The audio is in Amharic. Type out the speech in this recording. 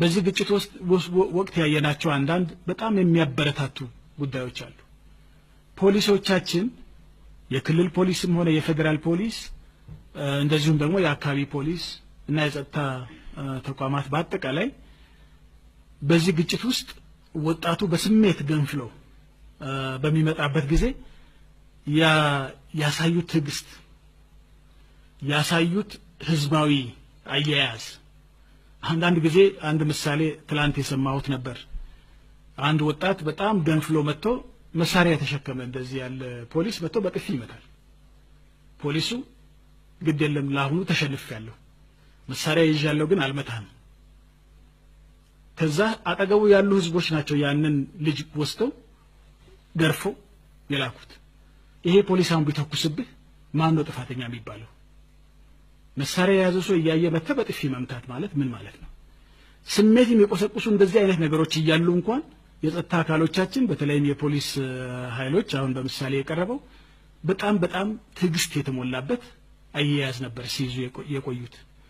በዚህ ግጭት ውስጥ ወቅት ያየናቸው አንዳንድ በጣም የሚያበረታቱ ጉዳዮች አሉ። ፖሊሶቻችን የክልል ፖሊስም ሆነ የፌዴራል ፖሊስ እንደዚሁም ደግሞ የአካባቢ ፖሊስ እና የጸጥታ ተቋማት በአጠቃላይ በዚህ ግጭት ውስጥ ወጣቱ በስሜት ገንፍሎ በሚመጣበት ጊዜ ያሳዩት ትዕግስት፣ ያሳዩት ህዝባዊ አያያዝ አንዳንድ ጊዜ አንድ ምሳሌ ትላንት የሰማሁት ነበር። አንድ ወጣት በጣም ደንፍሎ መጥቶ መሳሪያ የተሸከመ እንደዚህ ያለ ፖሊስ መጥቶ በጥፊ ይመታል። ፖሊሱ ግድ የለም ለአሁኑ ያለሁ መሳሪያ ይዣለሁ፣ ግን አልመታህም። ከዛ አጠገቡ ያሉ ህዝቦች ናቸው ያንን ልጅ ወስደው ገርፎ የላኩት። ይሄ ፖሊስ አሁን ቢተኩስብህ ማን ነው ጥፋተኛ የሚባለው? መሳሪያ የያዘ ሰው እያየ መተ በጥፊ መምታት ማለት ምን ማለት ነው? ስሜት የሚቆሰቁሱ እንደዚህ አይነት ነገሮች እያሉ እንኳን የጸጥታ አካሎቻችን በተለይም የፖሊስ ኃይሎች አሁን በምሳሌ የቀረበው በጣም በጣም ትዕግስት የተሞላበት አያያዝ ነበር ሲይዙ የቆዩት።